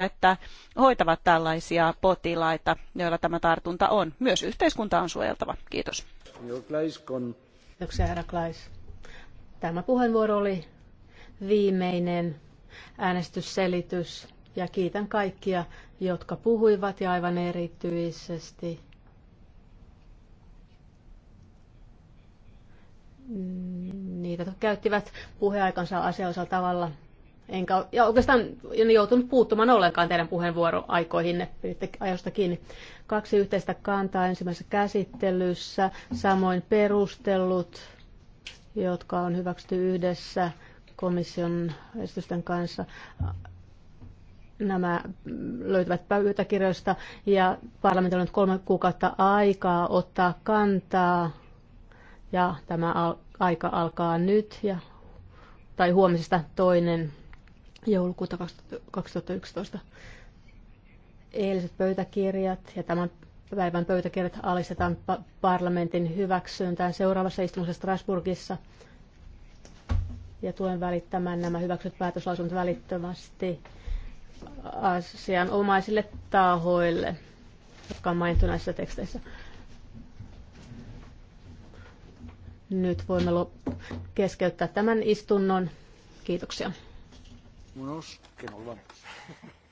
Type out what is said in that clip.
että hoitavat tällaisia potilaita, joilla tämä tartunta on. Myös yhteiskunta on suojeltava. Kiitos. Kiitoksia, herra Klais. Tämä puheenvuoro oli viimeinen äänestysselitys ja kiitän kaikkia, jotka puhuivat ja aivan erityisesti niitä, jotka käyttivät puheaikansa asiallisella tavalla. Enkä, ja oikeastaan en joutunut puuttumaan ollenkaan teidän puheenvuoroaikoihinne. Piditte ajoista kiinni. Kaksi yhteistä kantaa ensimmäisessä käsittelyssä, samoin perustelut, jotka on hyväksytty yhdessä komission esitysten kanssa. Nämä löytyvät pöytäkirjoista ja parlamentilla on nyt kolme kuukautta aikaa ottaa kantaa ja tämä aika alkaa nyt ja, tai huomisesta toinen joulukuuta 2011. Eiliset pöytäkirjat ja tämän päivän pöytäkirjat alistetaan parlamentin hyväksyntään seuraavassa istunnossa Strasbourgissa. Ja tulen välittämään nämä hyväksyt päätöslausunnot välittömästi asianomaisille tahoille, jotka on mainittu näissä teksteissä. Nyt voimme keskeyttää tämän istunnon. Kiitoksia unos que nos vamos.